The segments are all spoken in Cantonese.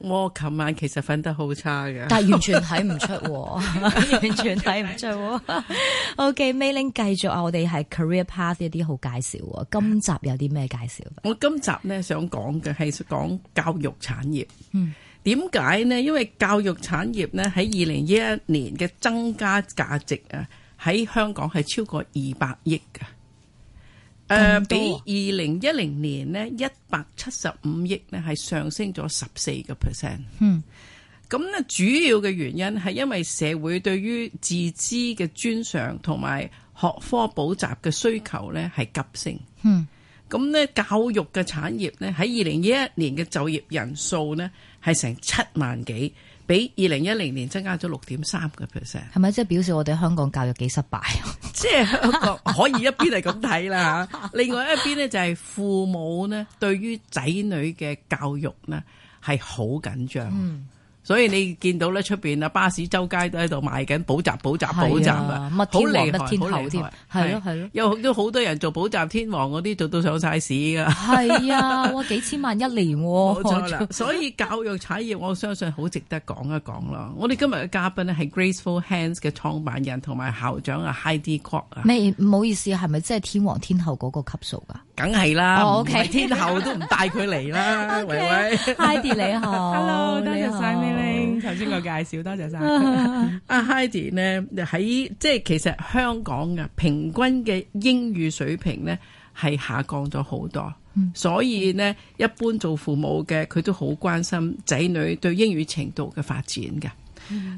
我、哦、琴晚其實瞓得好差嘅，但係完全睇唔出， 完全睇唔出。O、okay, K，Mayling 繼續啊，我哋係 career path 一啲好介紹。今集有啲咩介紹？我今集咧想講嘅係講教育產業。嗯，點解呢？因為教育產業咧喺二零一一年嘅增加價值啊，喺香港係超過二百億嘅。誒、呃，比二零一零年呢，一百七十五億咧係上升咗十四個 percent。嗯，咁咧主要嘅原因係因為社會對於自資嘅專上同埋學科補習嘅需求咧係急升。嗯，咁咧教育嘅產業呢，喺二零一一年嘅就業人數呢，係成七萬幾。比二零一零年增加咗六點三個 percent，係咪即係表示我哋香港教育幾失敗？ 即係香港可以一邊係咁睇啦嚇， 另外一邊咧就係父母咧對於仔女嘅教育呢，係好緊張。嗯所以你見到咧出邊啊，巴士周街都喺度賣緊補習補習補習啊，好厲害，好厲害，係咯，係咯，有都好多人做補習天王嗰啲做到上晒市噶。係啊， 幾千萬一年，啊，喎。 冇錯啦。所以教育產業 我相信好值得講一講咯。我哋今日嘅嘉賓呢係 Graceful Hands 嘅創辦人同埋校長啊，Hi D c o r k 啊，未，唔好意思，係咪真係天王天后嗰個級數噶？梗係啦，oh, okay. 天后都唔帶佢嚟啦。喂喂 Heidi 你好，Hello，多謝晒 Meiling，頭先個介紹，多謝晒。阿 Heidi 呢，喺即係其實香港嘅平均嘅英語水平呢係下降咗好多、嗯，所以呢，一般做父母嘅佢都好關心仔女對英語程度嘅發展嘅。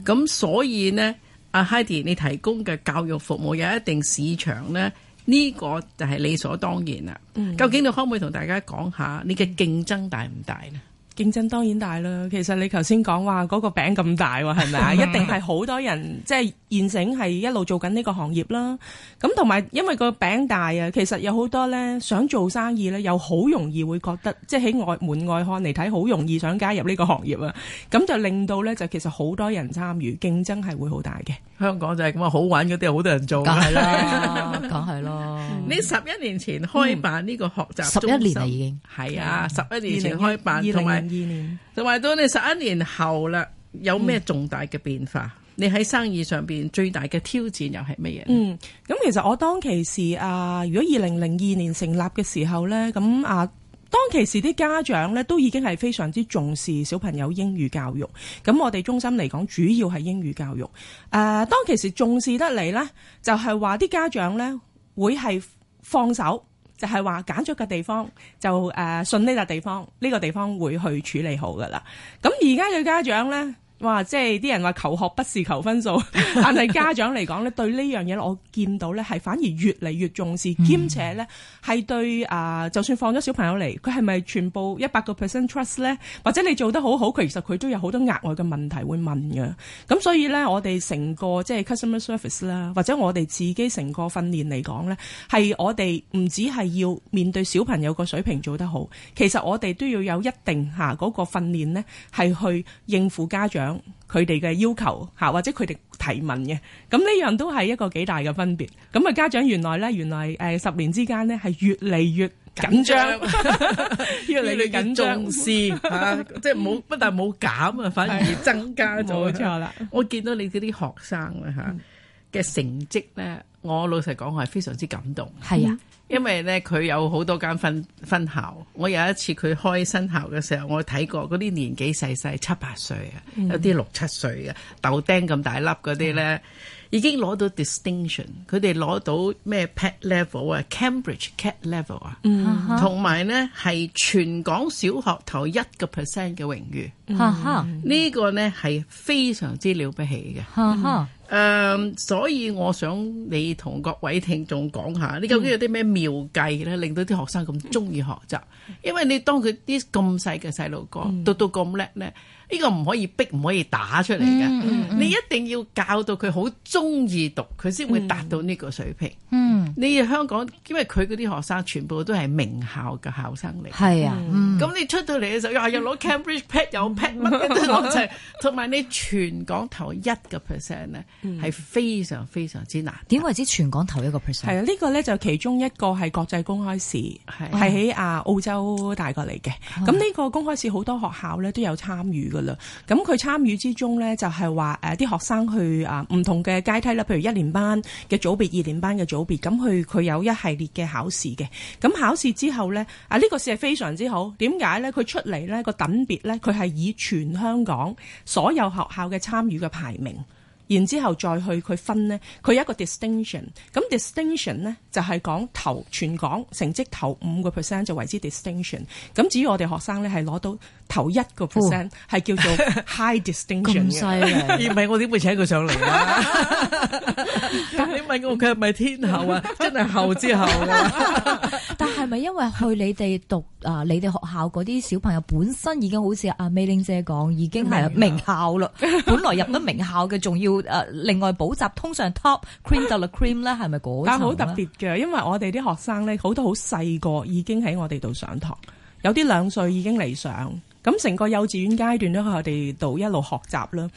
咁、嗯、所以呢，阿、啊、Heidi 你提供嘅教育服務有一定市場呢。呢個就係理所當然啦。究竟你可唔可以同大家講下你嘅競爭大唔大咧？競爭當然大啦，其實你頭先講話嗰個餅咁大喎，係咪啊？ 一定係好多人，即係現成係一路做緊呢個行業啦。咁同埋因為個餅大啊，其實有好多咧想做生意咧，又好容易會覺得即係喺外門外看嚟睇好容易想加入呢個行業啊。咁就令到咧就其實好多人參與，競爭係會好大嘅。香港就係咁啊，好玩嗰啲好多人做。但係啦，梗係咯。你十一年前開辦呢個學習，十、嗯、一、嗯、年啦已經係啊，十一、啊、年前開辦同埋。2011, 2006, 二年，就話到你十一年後啦，有咩重大嘅變化？嗯、你喺生意上邊最大嘅挑戰又係乜嘢？嗯，咁其實我當其時啊，如果二零零二年成立嘅時候呢，咁啊，當其時啲家長呢，都已經係非常之重視小朋友英語教育，咁我哋中心嚟講主要係英語教育。誒、啊，當其時重視得嚟呢，就係話啲家長呢，會係放手。就係話揀咗個地方，就誒信呢笪地方，呢個地方會去處理好噶啦。咁而家嘅家長咧。哇！即係啲人話求學不是求分數，但係家長嚟講咧， 對呢樣嘢我見到咧係反而越嚟越重視，兼且咧係對啊，就算放咗小朋友嚟，佢係咪全部一百個 percent trust 咧？或者你做得好好，佢其實佢都有好多額外嘅問題會問嘅。咁所以咧，我哋成個即係 customer service 啦，或者我哋自己成個訓練嚟講咧，係我哋唔止係要面對小朋友個水平做得好，其實我哋都要有一定吓嗰個訓練咧，係去應付家長。佢哋嘅要求吓，或者佢哋提問嘅，咁呢樣都係一個幾大嘅分別。咁啊，家長原來咧，原來誒十年之間咧係越嚟越緊張，越嚟越緊張，重視啊，即係冇不但冇減啊，反而增加咗。冇錯啦，我見到你嗰啲學生咧，吓嘅成績咧，我老實講，我係非常之感動。係啊。因為咧，佢有好多間分分校。我有一次佢開新校嘅時候，我睇過嗰啲年紀細細，七八歲啊，有啲六七歲豆丁咁大粒嗰啲咧。嗯已經攞到 distinction，佢哋攞到咩 pet level 啊，Cambridge KET level 啊，同、嗯、埋呢係全港小學頭一個 percent 嘅榮譽，呢、嗯嗯呢個呢係非常之了不起嘅。誒、嗯嗯呃，所以我想你同各位聽眾講下，你究竟有啲咩妙計咧，令到啲學生咁中意學習？因為你當佢啲咁細嘅細路講，讀到咁叻呢。呢、這個唔可以逼，唔可以打出嚟嘅、嗯嗯。你一定要教到佢好中意讀，佢先會達到呢個水平。嗯嗯、你香港因為佢嗰啲學生全部都係名校嘅考生嚟，係、嗯、啊。咁、嗯、你出到嚟嘅時候，嗯、又攞 pad、嗯、又攞 Cambridge Pet，又 Pet 乜嘢都攞齊，同 埋你全港頭一個 percent 咧、嗯，係非常非常之難。點為之全港頭一、個 percent？係啊，呢個咧就其中一個係國際公開試，係喺啊澳洲帶過嚟嘅。咁呢、啊、個公開試好多學校咧都有參與㗎。啊這個咁佢參與之中呢，就係話啲學生去啊唔同嘅階梯啦，譬如一年班嘅組別、二年班嘅組別，咁去佢有一系列嘅考試嘅，咁考試之後呢，啊呢個試係非常之好，點解呢？佢出嚟呢個等別呢，佢係以全香港所有學校嘅參與嘅排名。然之後再去佢分呢，佢有一個 distinction。咁 distinction 呢，就係講頭全港成績頭五個 percent 就為之 distinction。咁至於我哋學生呢，係攞到頭一個 percent 係叫做 high distinction 咁犀利！而唔係我點會請佢上嚟咧？ 但你問我佢係咪天后啊？真係後之後啊！ 係咪因為去你哋讀啊？ uh, 你哋學校嗰啲小朋友本身已經好似阿 Meiling 姐講，已經係名校啦。本來入咗名校嘅，仲 要誒、uh, 另外補習，通常 top cream de la cream 咧，係咪嗰？但係好特別嘅，因為我哋啲學生咧，好多好細個已經喺我哋度上堂，有啲兩歲已經嚟上，咁成個幼稚園階段都喺我哋度一路學習啦。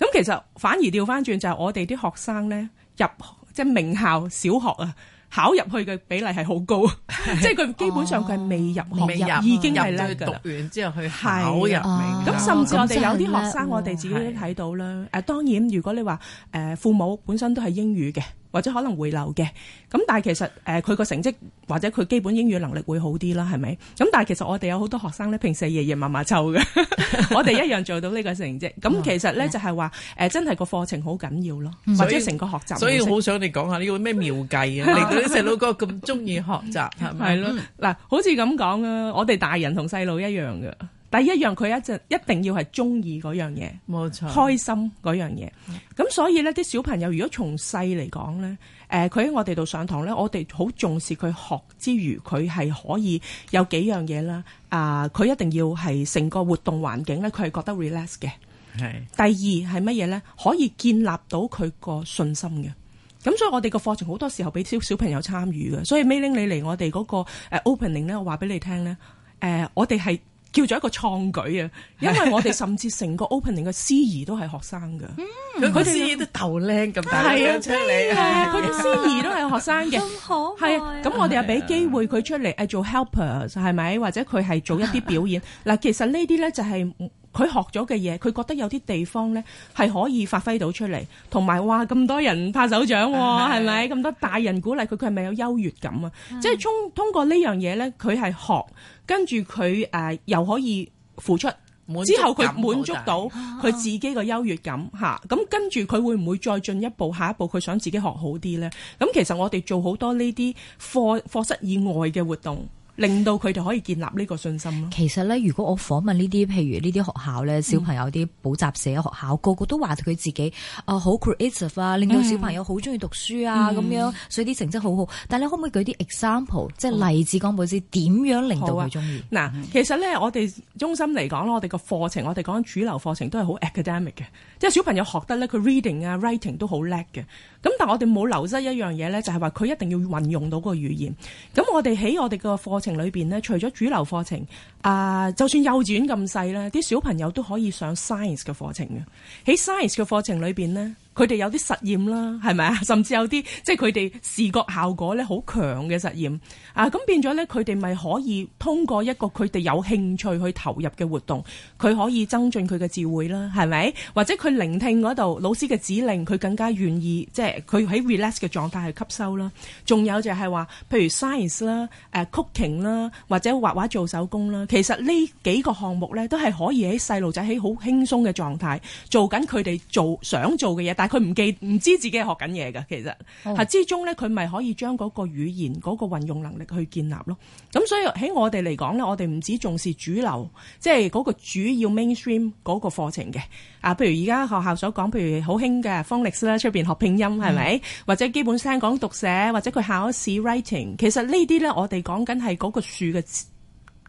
咁其實反而掉返轉就係、是、我哋啲學生咧入即係、就是、名校小學啊。考入去嘅比例係好高， 即係佢基本上佢係未入未入已經係叻嘅啦。入完讀完之後去考入咁、嗯哦、甚至我哋有啲學生，我哋自己都睇到啦。誒、哦、當然，如果你話誒父母本身都係英語嘅。或者可能回流嘅，咁但係其實誒佢個成績或者佢基本英語能力會好啲啦，係咪？咁但係其實我哋有好多學生咧，平時爺爺嫲嫲湊嘅， 我哋一樣做到呢個成績。咁、嗯、其實咧就係話誒，真係個課程好緊要咯、嗯，或者成個學習。所以好想你講下呢個咩妙計啊，令到啲細路哥咁中意學習，係咪？係 咯，嗱、嗯，好似咁講啊，我哋大人同細路一樣㗎。第一樣，佢一一定要係中意嗰樣嘢，冇錯，開心嗰樣嘢。咁、嗯、所以咧，啲小朋友如果從細嚟講咧，誒、呃，佢喺我哋度上堂咧，我哋好重視佢學之餘，佢係可以有幾樣嘢啦。啊、呃，佢一定要係成個活動環境咧，佢係覺得 relax 嘅。係。第二係乜嘢咧？可以建立到佢個信心嘅。咁所以我哋個課程好多時候俾小小朋友參與嘅。所以 Meiling 你嚟我哋嗰個 opening 咧、呃，我話俾你聽咧，誒，我哋係。叫咗一個創舉啊！因為我哋甚至成個 opening 嘅司儀都係學生噶，佢哋司儀都鬥靚咁樣，係啊，真係，佢哋司儀都係學生嘅，好係啊，咁我哋又俾機會佢出嚟誒做 helpers，係咪？或者佢係做一啲表演嗱？ 其實呢啲咧就係佢學咗嘅嘢，佢覺得有啲地方咧係可以發揮到出嚟，同埋哇，咁多人拍手掌，係咪？咁多大人鼓勵佢，佢係咪有優越感啊？即係通通過呢樣嘢咧，佢係學。跟住佢誒又可以付出，之後佢滿足到佢自己嘅優越感吓，咁、啊啊啊、跟住佢會唔會再進一步，下一步佢想自己學好啲咧？咁其實我哋做好多呢啲課課室以外嘅活動。令到佢哋可以建立呢個信心咯。其實咧，如果我訪問呢啲譬如呢啲學校咧，小朋友啲補習社、嗯、學校，個個都話佢自己啊好 creative 啊，令到小朋友好中意讀書啊咁、嗯、樣，所以啲成績好好。但係你可唔可以舉啲 example，即係例子講俾我知點樣令到佢中意？嗱、啊，其實咧，我哋中心嚟講咯，我哋個課程，我哋講主流課程都係好 academic 嘅，即係小朋友學得咧，佢 reading 啊、writing 都好叻嘅。咁但係我哋冇流失一樣嘢咧，就係話佢一定要運用到嗰個語言。咁我哋喺我哋個課程裏邊咧，除咗主流課程，啊，就算幼稚園咁細啦，啲小朋友都可以上 science 嘅課程嘅。喺 science 嘅課程裏邊咧。佢哋有啲實驗啦，係咪啊？甚至有啲即係佢哋視覺效果咧好強嘅實驗啊！咁變咗咧，佢哋咪可以通過一個佢哋有興趣去投入嘅活動，佢可以增進佢嘅智慧啦，係咪？或者佢聆聽嗰度老師嘅指令，佢更加願意即係佢喺 relax 嘅狀態去吸收啦。仲有就係話譬如 science 啦、誒、cooking 啦，或者畫畫做手工啦，其實呢幾個項目咧都係可以喺細路仔喺好輕鬆嘅狀態做緊佢哋做想做嘅嘢。但佢唔記唔知自己係學緊嘢嘅，其實係之中咧，佢咪可以將嗰個語言嗰個運用能力去建立咯。咁所以喺我哋嚟講咧，我哋唔止重視主流，即係嗰個主要 mainstream 嗰個課程嘅。啊，譬如而家學校所講，譬如好興嘅 phonics 出邊學拼音係咪、嗯？或者基本上講讀寫，或者佢考試 writing，其實呢啲咧，我哋講緊係嗰個樹嘅。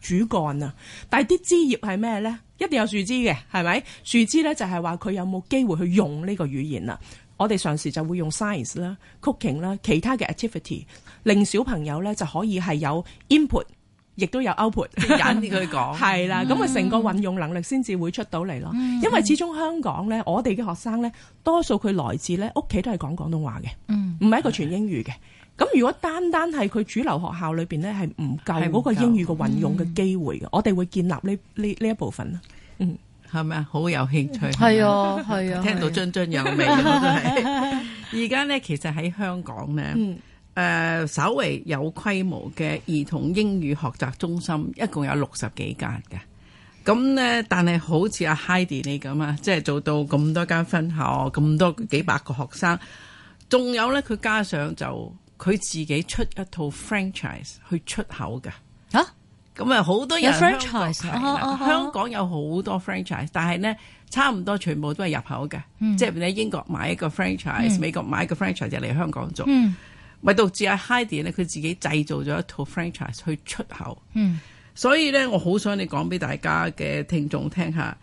主幹啊，但係啲枝葉係咩咧？一定有樹枝嘅，係咪？樹枝咧就係話佢有冇機會去用呢個語言啦。我哋常時就會用 science 啦、cooking 啦、其他嘅 activity，令小朋友咧就可以係有 input，亦都有 output。簡單啲去講，係啦，咁啊成個運用能力先至會出到嚟咯。Mm -hmm. 因為始終香港咧，我哋嘅學生咧，多數佢來自咧屋企都係講廣東話嘅。唔係一個全英語嘅，咁如果單單係佢主流學校裏邊咧，係唔夠嗰個英語嘅運用嘅機會嘅，我哋會建立呢呢呢一部分。嗯，係咪啊？好有興趣，係啊，嗯，係啊，聽到津津有味。而家咧，其實喺香港咧，誒，嗯，呃，稍微有規模嘅兒童英語學習中心一共有六十幾間嘅，咁咧，但係好似阿 Heidi 你咁啊，即係做到咁多間分校，咁多幾百個學生。仲有咧，佢加上就佢自己出一套 franchise 去出口㗎，吓，咁啊好多人有 franchise，oh, oh, oh. 香港有好多 franchise，但係咧，差唔多全部都係入口嘅，嗯，即係喺英國買一個 franchise，嗯、美國買一個 franchise 就嚟香港做，咪導致阿 Heidi 咧，佢自己製造咗一套 franchise 去出口，嗯、所以咧，我好想你講俾大家嘅聽眾聽下。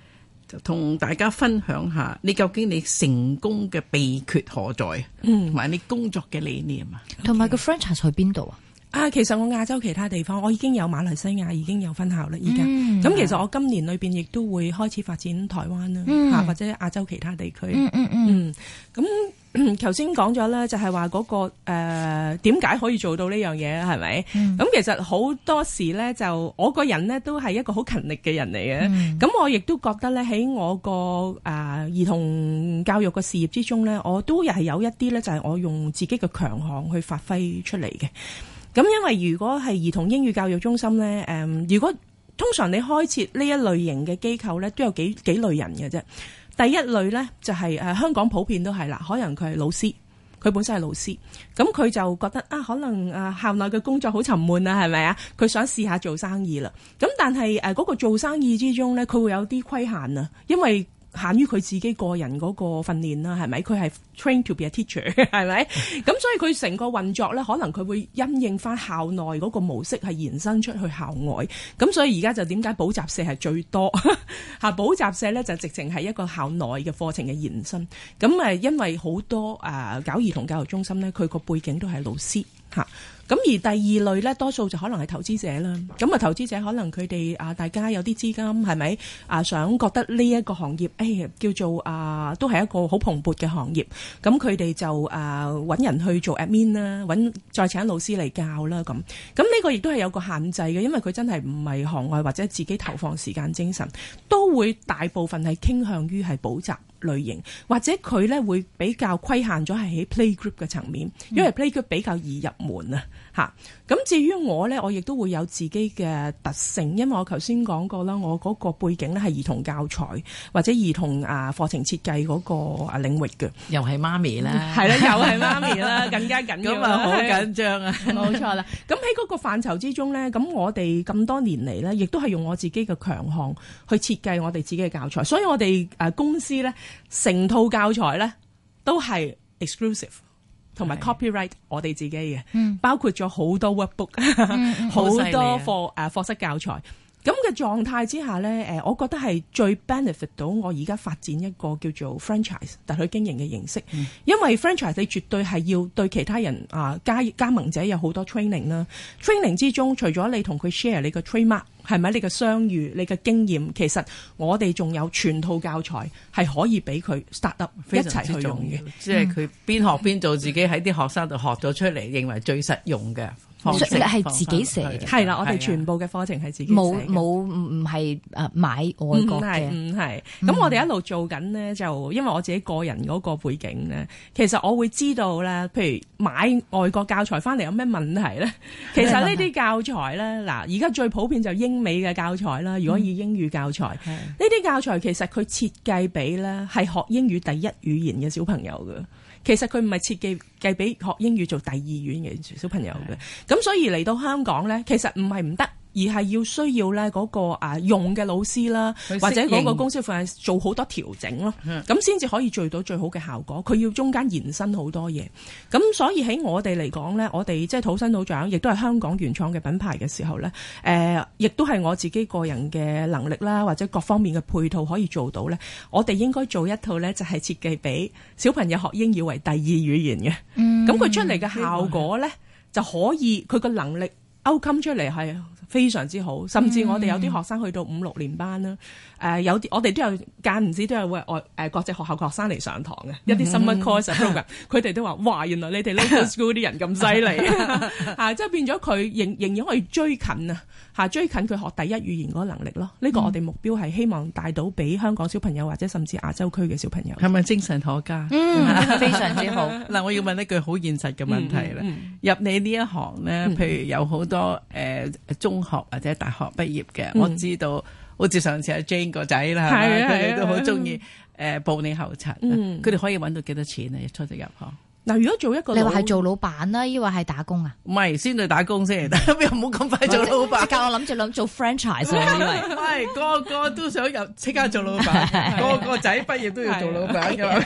同大家分享下，你究竟你成功嘅秘訣何在？嗯，同埋你工作嘅理念啊，同埋個 franchise 喺邊度啊？啊，其實我亞洲其他地方，我已經有馬來西亞已經有分校啦。而家咁其實我今年裏邊亦都會開始發展台灣啦，嚇、嗯、或者亞洲其他地區。嗯嗯嗯。咁頭先講咗咧，就係話嗰個誒點解可以做到呢樣嘢咧？係咪？咁、嗯、其實好多時咧，就我個人咧都係一個好勤力嘅人嚟嘅。咁、嗯、我亦都覺得咧喺我個誒、呃、兒童教育嘅事業之中咧，我都亦係有一啲咧，就係、是、我用自己嘅強項去發揮出嚟嘅。咁因為如果係兒童英語教育中心咧，誒，如果通常你開設呢一類型嘅機構咧，都有幾幾類人嘅啫。第一類咧就係誒香港普遍都係啦，可能佢係老師，佢本身係老師，咁佢就覺得啊，可能誒校內嘅工作好沉悶啊，係咪啊？佢想試下做生意啦。咁但係誒嗰個做生意之中咧，佢會有啲規限啊，因為。限於佢自己個人嗰個訓練啦，係咪？佢係 trained to be a teacher，係咪？咁 所以佢成個運作咧，可能佢會因應返校內嗰個模式，係延伸出去校外。咁所以而家就點解補習社係最多嚇？ 補習社咧就直情係一個校內嘅課程嘅延伸。咁誒，因為好多誒、啊、搞兒童教育中心咧，佢個背景都係老師嚇。啊。咁而第二類咧，多數就可能係投資者啦。咁啊，投資者可能佢哋啊，大家有啲資金係咪啊，想覺得呢一個行業，誒、哎、叫做啊，都係一個好蓬勃嘅行業。咁佢哋就啊揾人去做 admin 啦，揾再請老師嚟教啦咁。咁呢個亦都係有個限制嘅，因為佢真係唔係行外或者自己投放時間精神，都會大部分係傾向於係補習類型，或者佢咧會比較規限咗係喺 playgroup 嘅層面，因為 playgroup 比較易入門啊。嗯嗯。吓，咁至於我咧，我亦都會有自己嘅特性，因為我頭先講過啦，我嗰個背景咧係兒童教材或者兒童啊課程設計嗰個啊領域嘅，又係媽咪啦，係啦，又係媽咪啦， 更加緊咁啊，好緊張啊，冇錯啦。咁喺嗰個範疇之中咧，咁我哋咁多年嚟咧，亦都係用我自己嘅強項去設計我哋自己嘅教材，所以我哋誒公司咧，成套教材咧都係 exclusive。同埋 copyright 我哋自己嘅，嗯，包括咗好多 workbook，好、嗯、多課誒課室教材。咁嘅狀態之下咧，誒，我覺得係最 benefit 到我而家發展一個叫做 franchise，特許經營嘅形式、嗯。因為 franchise 你絕對係要對其他人啊，加加盟者有好多 training 啦。training 之中，除咗你同佢 share 你個 trademark，係咪？你嘅商譽，你嘅經驗，其實我哋仲有全套教材係可以俾佢 start up 一齊去用嘅。即係佢邊學邊做，自己喺啲學生度學咗出嚟，認為最實用嘅。係自己寫，係啦，我哋全部嘅課程係自己寫嘅，冇冇唔係誒買外國嘅，係咁、嗯、我哋一路做緊呢，就因為我自己個人嗰個背景咧，其實我會知道呢，譬如買外國教材翻嚟有咩問題咧？其實呢啲教材咧，嗱，而家最普遍就英美嘅教材啦，如果以英語教材呢啲教材其實佢設計俾咧係學英語第一語言嘅小朋友㗎。其實佢唔係設計。計俾學英語做第二院嘅小朋友嘅。咁所以嚟到香港咧，其實唔係唔得。而係要需要咧嗰個啊用嘅老師啦，或者嗰個公司份做好多調整咯，咁先至可以做到最好嘅效果。佢要中間延伸好多嘢，咁所以喺我哋嚟講咧，我哋即係土生土長，亦都係香港原創嘅品牌嘅時候咧，誒、呃，亦都係我自己個人嘅能力啦，或者各方面嘅配套可以做到咧，我哋應該做一套咧，就係設計俾小朋友學英語為第二語言嘅。咁、嗯、佢出嚟嘅效果咧、嗯，就可以佢個能力勾襟出嚟係。非常之好，甚至我哋有啲學生去到五六年班啦，誒、嗯呃、有啲我哋都有間唔知都有會外誒國際學校學生嚟上堂嘅、嗯、一啲 summer course program，佢哋都話： 哇，原來你哋 local school 啲人咁犀利嚇！即 係、啊、變咗佢仍仍然可以追近啊追近佢學第一語言嗰個能力咯。呢、呢個我哋目標係希望帶到俾香港小朋友或者甚至亞洲區嘅小朋友。係、嗯、咪 精神可嘉、嗯，非常之好。嗱， 我要問一句好現實嘅問題啦、嗯嗯，入你呢一行咧，譬如有好多、嗯呃、中學或者大學畢業嘅，我知道，好似上次阿 Jane 個仔啦，佢、嗯、哋都好中意誒報你後塵，佢、嗯、哋可以搵到幾多錢啊？初出入行。嗱，如果做一個老老，你話係做老闆啦、啊，抑或係打工啊？唔係，先去打工先，你又唔好咁快做老闆？即、嗯、刻我諗住諗做 franchise 啦、啊，係 、哎、個個都想入即刻做老闆， 個個仔畢業都要做老闆，咁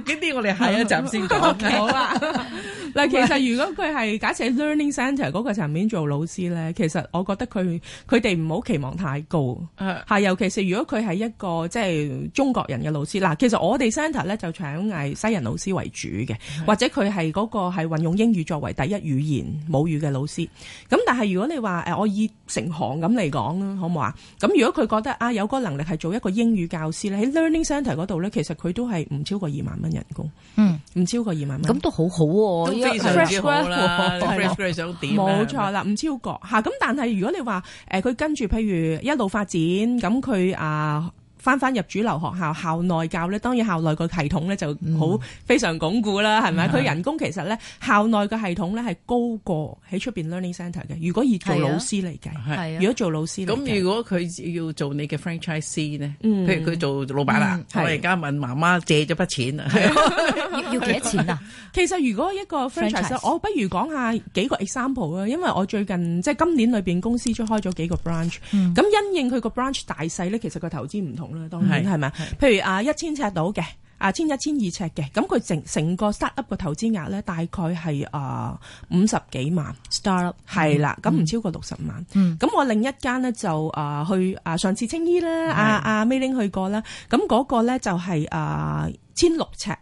啲是的 我哋下一集先講、嗯、好啦。 好啊 嗱，其實如果佢係假設喺 learning centre 嗰個層面做老師咧，其實我覺得佢佢哋唔好期望太高、呃，尤其是如果佢係一個即係中國人嘅老師。嗱，其實我哋 centre 咧就搶嗌西人老師為主嘅、嗯，或者佢係嗰個係運用英語作為第一語言母語嘅老師。咁但係如果你話誒，我以成行咁嚟講啦，好唔好如果佢覺得啊？咁如果佢覺得啊有嗰個能力係做一個英語教師咧，喺 learning centre 嗰度咧，其實佢都係唔超過二萬蚊人工，嗯，唔超過二萬蚊，咁、嗯、都好好、啊、喎。非常之好啦，fresh growth 想點？冇錯啦，唔超過吓。咁但係如果你話誒，佢、呃、跟住譬如一路發展，咁佢啊。呃翻翻入主流學校校內教咧，當然校內個系統咧就好、嗯、非常鞏固啦，係咪？佢、嗯、人工其實咧校內個系統咧係高過喺出邊 learning center 嘅。如果以做老師嚟計、係、啊，如果做老師，咁、啊啊，如果佢要做你嘅 franchise 咧，譬如佢做老闆啦、嗯，我而家問媽媽借咗筆錢啊， 要幾多錢啊？其實如果一個 franchise，franchise? 我不如講下幾個 example 啊，因為我最近即係、就是、今年裏邊公司開咗幾個 branch，咁、嗯、因應佢個 branch 大細咧，其實個投資唔同。當然係咪？譬如啊一千尺到嘅，啊千一千二尺嘅，咁佢、啊、整成個 startup 個投資額咧，大概係啊五十幾萬 startup 係啦，咁唔、嗯、超過六十萬。咁、嗯、我另一間咧就啊去啊上次青衣啦，阿阿 Meiling 去過啦，咁、那、嗰個咧就係、是、啊千六尺。1,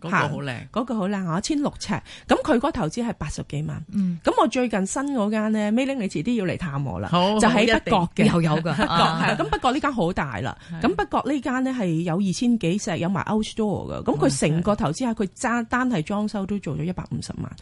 嗰、那個好靚，嗰、那個好靚，一千六尺，咁佢個投資係八十幾萬。咁、嗯、我最近新嗰間咧，Meiling，你遲啲要嚟探我啦。就喺北角嘅，又有噶，北角係。咁北角呢間好大啦。咁北角呢間咧係有二千幾尺，有埋 outstore 㗎。咁佢成個投資下，佢爭單係裝修都做咗一百五十萬。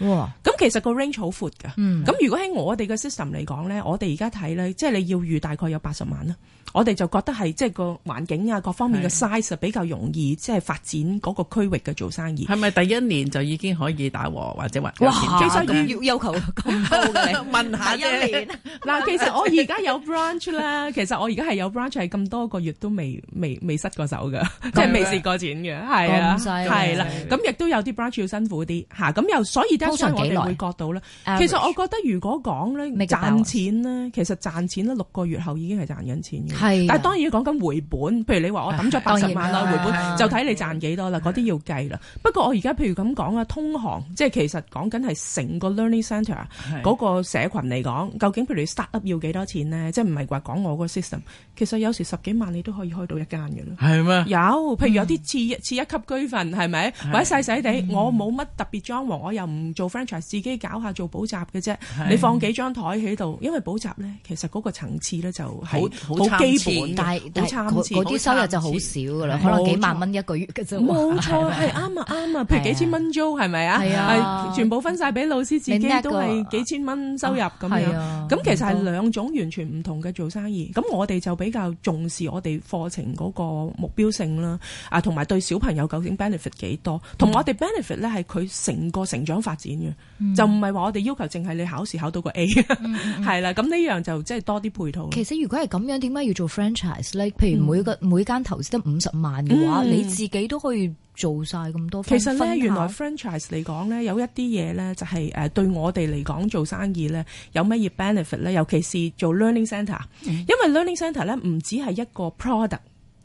咁其實個 range 好闊㗎。咁、嗯、如果喺我哋嘅 system 嚟講咧、嗯，我哋而家睇咧，即、就、係、是、你要預大概有八十萬啦。我哋就覺得係即係個環境啊，各方面嘅 size 比較容易即係、就是、發展嗰個區域嘅做生意。係咪第一年就已經可以打和或者話哇？其實要要求咁高， 問一下一年嗱， 其實我而家有 branch 啦， 其實我而家係有 branch，係咁 多個月都未未未失過手噶，即係未蝕過錢嘅，係啊，係啦。咁亦、啊啊、都有啲 branch 要辛苦啲，吓、啊、咁又所以加上我哋會覺得到啦。其實我覺得如果講咧賺錢咧，其實賺錢啦，六個月後已經係賺緊錢嘅、啊。但係當然講緊回本，譬如你話我抌咗八十萬啦， 回本 就睇你賺幾多啦，嗰 啲要計啦。不過我而家譬如咁講啊，通航即係其實講緊係成個 learning center 嗰、嗰個社群嚟講，究竟譬如 startup 要幾多錢呢？即係唔係話講我個 system？其實有時十幾萬你都可以開到一間嘅咯。係咩？有，譬如有啲次、嗯、次一級居份係咪？或者細細哋，我冇乜特別裝潢，我又唔做 franchise，自己搞下做補習嘅啫。你放幾張台喺度，因為補習咧，其實嗰個層次咧就係好基本差，但係嗰我啲收入就好少㗎啦，可能幾萬蚊一個月冇錯，係啱啊。啱啊，譬如幾千蚊租係咪啊？係啊，啊，全部分晒俾老師自己都係幾千蚊收入咁樣。咁其實係兩種完全唔同嘅做生意。咁、啊啊、我哋就比較重視我哋課程嗰個目標性啦，啊，同埋對小朋友究竟 benefit 幾多？同我哋 benefit 咧係佢成個成長發展嘅、嗯，就唔係話我哋要求淨係你考試考到個 A，係、嗯、啦。咁、嗯、呢 樣就即係多啲配套。其實如果係咁樣，點解要做 franchise 呢、like,？譬如每個、嗯、每間投資得五十萬嘅話、嗯，你自己都可以。做晒咁多，其實咧原來 franchise 嚟講咧有一啲嘢咧就係誒對我哋嚟講做生意咧有乜嘢 benefit 咧？尤其是做 learning center、嗯、因為 learning center 呢咧唔只係一個 product，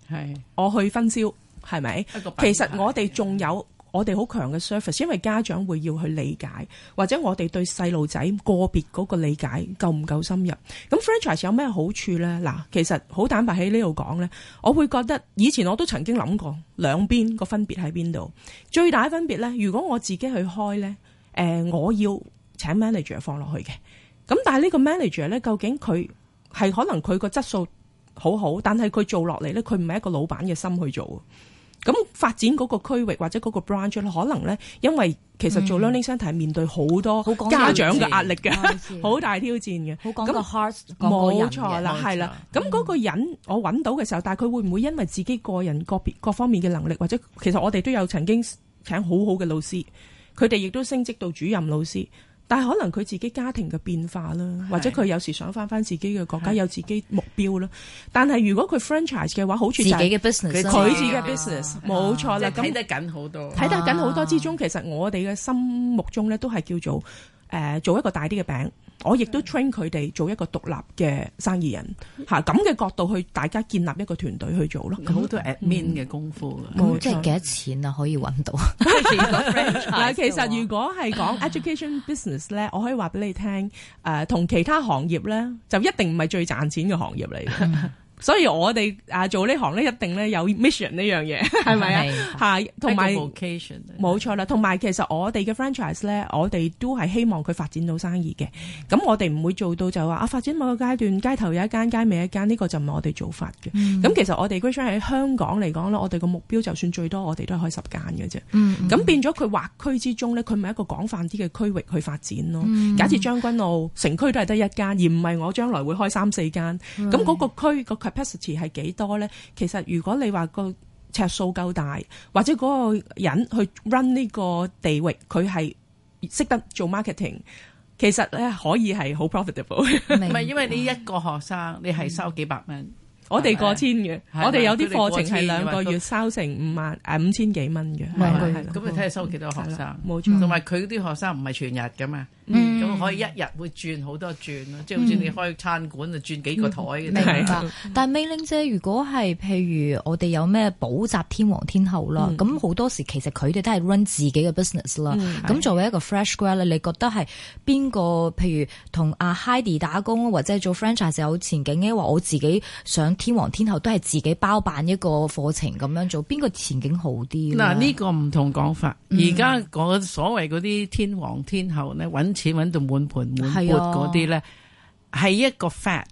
係我去分銷，係咪？其實我哋仲有。我哋好強嘅 service，因為家長會要去理解，或者我哋對細路仔個別嗰個理解夠唔夠深入？咁 franchise 有咩好處咧？嗱，其實好坦白喺呢度講咧，我會覺得以前我都曾經諗過兩邊個分別喺邊度。最大分別咧，如果我自己去開咧，呃，我要請 manager 放落去嘅。咁但係呢個 manager 咧，究竟佢係可能佢個質素好好，但係佢做落嚟咧，佢唔係一個老闆嘅心去做。咁發展嗰個區域或者嗰個 branch 可能咧，因為其實做 learning centre、嗯、係面對好多家長嘅壓力嘅，好 是的 大挑戰嘅。咁 heart 冇錯啦，係啦。咁嗰、嗯、個人我揾到嘅時候，但係佢會唔會因為自己個人個別,各方面嘅能力，或者其實我哋都有曾經請好好嘅老師，佢哋亦都升職到主任老師。但係可能佢自己家庭嘅變化啦，或者佢有時想翻翻自己嘅國家，有自己目標啦。但係如果佢 franchise 嘅話，好似自己嘅 business，佢、啊、自己嘅 business，冇、啊、錯啦。睇、啊就是、得緊好多，睇得緊好多之中，啊、其實我哋嘅心目中咧都係叫做。誒做一個大啲嘅餅，我亦都 train 佢哋做一個獨立嘅生意人，咁嘅角度去大家建立一個團隊去做咯。好、嗯、多 admin 嘅功夫、嗯嗯嗯，即係幾多錢啊？可以揾到嗱， 其實如果係講 education business 咧， 我可以話俾你聽，誒、呃、同其他行業咧就一定唔係最賺錢嘅行業嚟。嗯所以我哋啊做呢行咧一定咧有 mission 呢樣嘢係咪啊？係同埋 vocation 冇錯啦。同埋其實我哋嘅 franchise 咧，我哋都係希望佢發展到生意嘅。咁我哋唔會做到就話啊發展某個階段，街頭有一間，街尾一間，呢、這個就唔係我哋做法嘅。咁、嗯、其實我哋 g r 喺香港嚟講咧，我哋個目標就算最多我哋都係開十間嘅啫。咁、嗯、變咗佢劃區之中咧，佢咪一個廣泛啲嘅區域去發展咯。嗯、假設將軍澳城區都係得一間，而唔係我將來會開三四間。咁嗰個區 capacity 係幾多咧？其實如果你話個尺數夠大，或者嗰個人去 run 呢個地域，佢係識得做 marketing，其實咧可以係好 profitable。唔 係因為你一個學生，你係收幾百蚊、嗯，我哋過千嘅，我哋有啲課程係兩個月收成五萬、誒、五千幾蚊嘅，咁、嗯嗯嗯嗯、你睇下收幾多學生，冇錯，同埋佢啲學生唔係全日㗎嘛。嗯，咁可以一日會轉好多轉咯，即係好似你開餐館啊，轉幾個台嘅、嗯、明白？ 但係 Meiling 姐，如果係譬如我哋有咩補習天王天后啦，咁、嗯、好多時其實佢哋都係 run 自己嘅 business 啦、嗯。咁作為一個 fresh grad 咧，你覺得係邊個？譬如同阿 Heidi 打工，或者做 franchise 有前景，因為我自己上天王天后都係自己包辦一個課程咁樣做，邊個前景好啲？嗱、啊，呢、這個唔同講法。而家講所謂嗰啲天王天后咧，揾錢揾到滿盤滿缽嗰啲咧，係、哦、一個 fat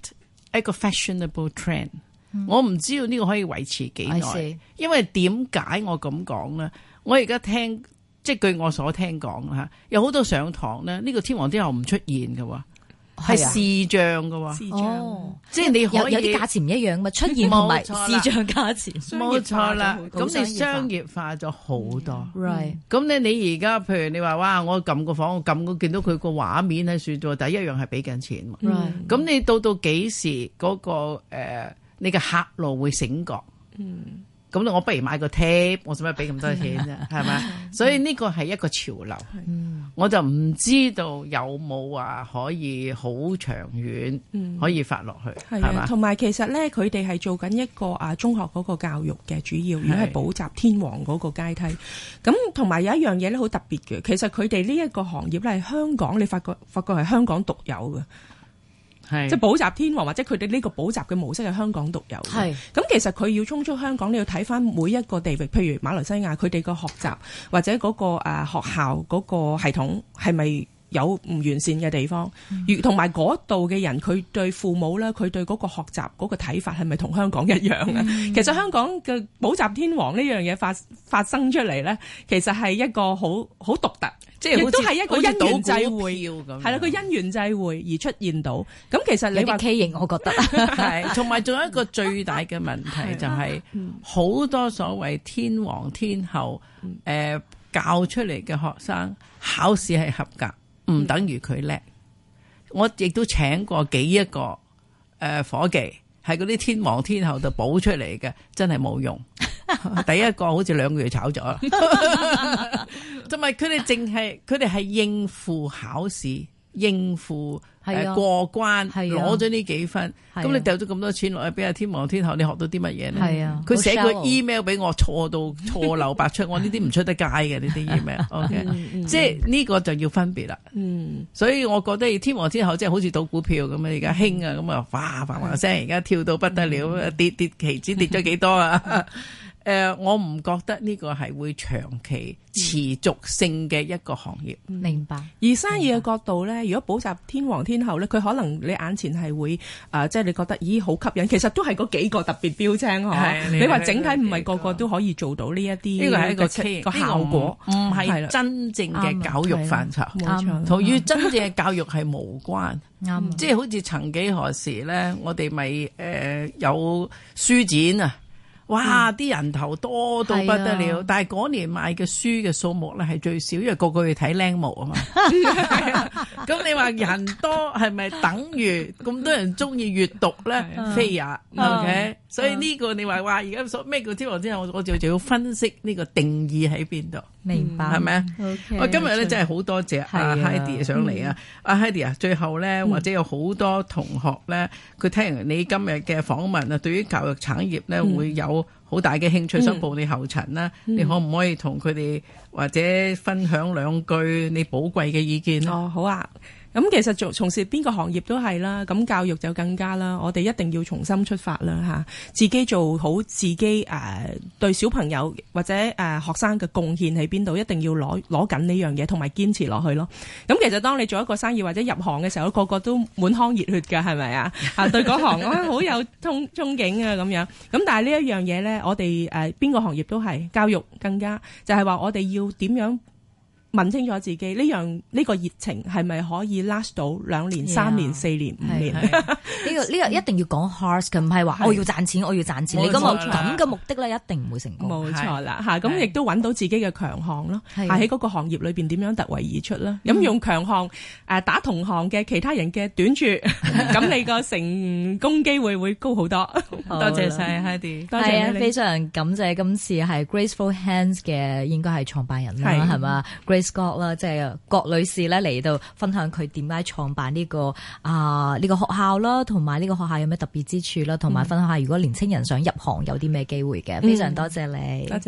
一個 fashionable trend。嗯、我唔知道呢個可以維持幾耐，因為點解我咁講咧？我而家聽即係據我所聽講吓，有好多上堂咧，呢、呢個天王之後唔出現㗎喎。係視像噶，哦，即係你有有啲價錢唔一樣嘛？出現同埋視像價錢，冇錯啦。咁、嗯、你商業化咗好多，咁、嗯、咧你而家譬如你話哇，我撳個房，我撳見到佢個畫面喺算咗第一樣係俾緊錢嘛，咁、嗯、你到到幾時嗰、那個誒、呃，你嘅客路會醒覺？嗯。咁我不如買個 tape，我使咩俾咁多錢啫？係 嘛，所以呢個係一個潮流，我就唔知道有冇話可以好長遠，可以發落去係。同埋其實咧，佢哋係做緊一個啊中學嗰個教育嘅主要，如果係補習天王嗰個階梯。咁同埋有一樣嘢咧，好特別嘅，其實佢哋呢一個行業咧，係香港你發覺發覺係香港獨有嘅。是即係補習天王或者佢哋呢個補習嘅模式係香港獨有嘅。咁其實佢要衝出香港，你要睇返每一個地域，譬如馬來西亞，佢哋、嗰個啊個，嗯、個學習或者嗰個誒學校嗰個系統係咪有唔完善嘅地方？同埋嗰度嘅人，佢對父母啦，佢對嗰個學習嗰個睇法係咪同香港一樣啊、嗯？其實香港嘅補習天王呢樣嘢發發生出嚟咧，其實係一個好好獨特。亦都係一個姻緣際會，係啦，個姻緣際會而出現到。咁其實你話有啲畸形，我覺得係。同埋仲有一個最大嘅問題 就係，好多所謂天王天后誒、 呃、教出嚟嘅學生，考試係合格，唔等於佢叻。 我亦都請過幾一個誒、呃、伙計，喺嗰啲天王天后度補出嚟嘅，真係冇用。 第一個好似兩個月炒咗，同埋佢哋淨係佢哋係應付考試，應付係過關，攞咗呢幾分。咁、啊、你掉咗咁多錢落去俾阿天王天后，你學到啲乜嘢咧？係啊，佢寫個 email 俾我，錯到錯漏百出，我呢啲唔出得街嘅呢啲 email。 o、okay, K，、嗯、即係呢個就要分別啦。嗯，所以我覺得天王天后真係好似賭股票噉樣，而家興啊，咁啊，嘩嘩嘩聲，而家跳到不得了，跌跌期指跌咗幾多啊！ 誒、呃，我唔覺得呢個係會長期持續性嘅一個行業。明白。而生意嘅角度咧，如果補習天王天后咧，佢可能你眼前係會誒，即、呃、係、就是、你覺得咦好吸引，其實都係嗰幾個特別標青、嗯、你話整體唔係個個都可以做到呢一啲。呢、這個係一個 K，個效果，唔、嗯、係真正嘅教育範疇，同於真正嘅教育係無關。啱，即係好似曾幾何時咧，我哋咪誒有書展啊。哇！啲、嗯、人頭多到不得了，啊、但係嗰年買嘅書嘅數目咧係最少，因為個個要睇靚模啊嘛。咁 你話人多係咪等於咁多人中意閱讀咧、啊？非也，O K。嗯 okay? 所以呢個你話話而家所咩叫天王之後我我仲就要分析呢個定義喺邊度？明白係咪，okay, 啊？我今日咧真係好多謝阿 Heidi 上嚟啊！阿 Heidi、嗯、啊，Heidi, 最後咧或者有好多同學咧，佢、嗯、聽完你今日嘅訪問啊，對於教育產業咧、嗯、會有好大嘅興趣，想、嗯、步你後塵啦、嗯。你可唔可以同佢哋或者分享兩句你寶貴嘅意見？哦，好啊。咁其實做從事邊個行業都係啦，咁教育就更加啦。我哋一定要重新出發啦，嚇自己做好自己，誒對小朋友或者誒學生嘅貢獻喺邊度，一定要攞攞緊呢樣嘢，同埋堅持落去咯。咁其實當你做一個生意或者入行嘅時候，個個都滿腔熱血㗎，係咪啊？啊 對嗰行好有憧憧憬啊咁樣。咁但係呢一樣嘢咧，我哋誒，邊個行業都係教育更加，就係話我哋要點樣？問清楚自己呢樣，呢個熱情係咪可以 last 到兩年、yeah, 三年、四年、五年？呢、 這個呢、這個一定要講 heart 嘅，唔係話我要賺錢，我要賺錢。你咁咁嘅目的咧，一定唔會成功。冇錯啦，吓咁、啊、亦都搵到自己嘅強項咯，係喺嗰個行業裏邊點樣突圍而出啦。咁用強項誒打同行嘅其他人嘅短處，咁 你個成功機會會高多 好多。多謝晒，兄弟，係啊，非常感謝今次係 Graceful Hands 嘅，應該係創辦人啦，係嘛 s c o t 啦，即係郭女士咧，嚟到分享佢點解創辦呢、這個啊呢、呃這個學校啦，同埋呢個學校有咩特別之處啦，同埋分享下如果年青人想入行有啲咩機會嘅，非常多謝你。嗯，多謝。